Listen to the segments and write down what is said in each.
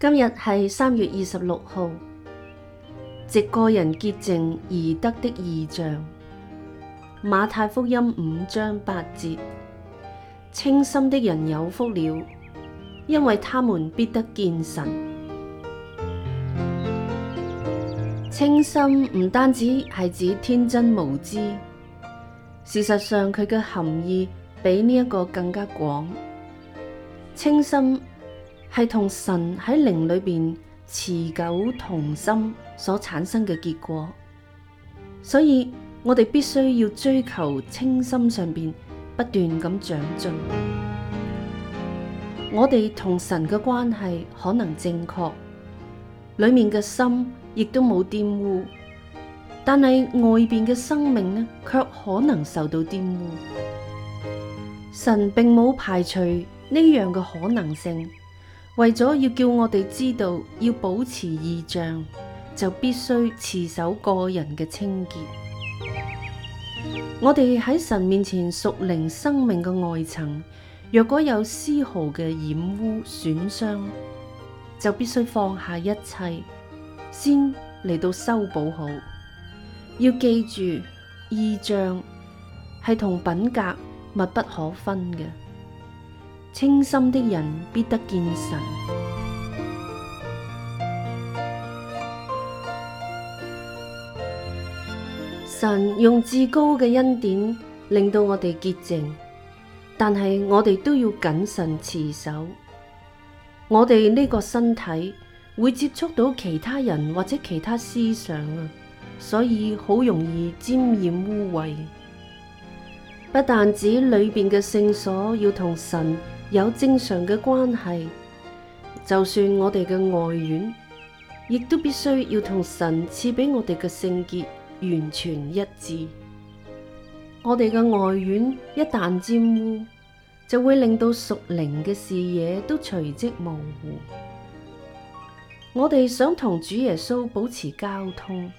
今日係三月二十六號，藉個人潔淨而得的異象。馬太福音五章八節：清心的人有福了，因為他們必得見神。清心唔單止係指天真無知，事實上佢嘅含義比呢一個更加廣。清心。係同神喺靈裏邊持久同心所產生嘅結果，所以我哋必須要追求清心上邊不斷咁長進。我哋同神嘅關係可能正確，裏面嘅心亦都冇玷污，但係外邊嘅生命呢，卻可能受到玷污。神並冇排除呢樣嘅可能性。為咗要叫我哋知道要保持異象，就必須持守個人嘅清潔。我哋喺神面前屬靈生命嘅外層，若果有絲毫嘅染污損傷，就必須放下一切，先嚟到修補好。要記住，異象係同品格密不可分嘅。清心的人必得見神。神用至高嘅恩典令到我哋潔淨，但係，我哋都要謹慎持守。我哋呢個身體會接觸到其他人或者其他思想啊，所以好容易沾染污穢。不但止裏邊嘅聖所要同神。有正常嘅關係，就算我哋嘅外院，亦都必須要同神賜俾我哋嘅聖潔完全一致。我哋嘅外院一旦沾污，就會令到屬靈嘅視野都隨即模糊。我哋想同主耶穌保持交通，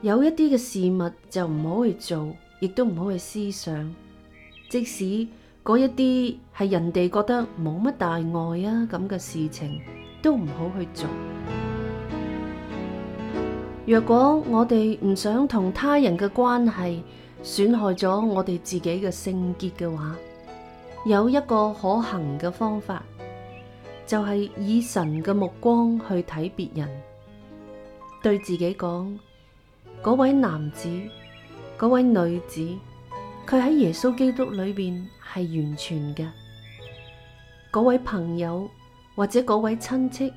有一啲嘅事物就唔好去做，亦都唔好去思想，即使。嗰一啲係人哋覺得冇乜大礙啊，咁嘅事情都唔好去做。若果我哋唔想同他人嘅關係損害咗我哋自己嘅聖潔嘅話，有一個可行嘅方法就係、是、以神嘅目光去睇別人，對自己講：嗰位男子、嗰位女子，佢喺耶穌基督裏邊。係完全嘅，嗰位朋友或者嗰位親戚，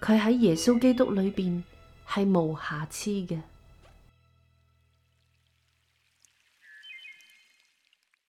佢喺耶穌基督裏面係無瑕疵嘅。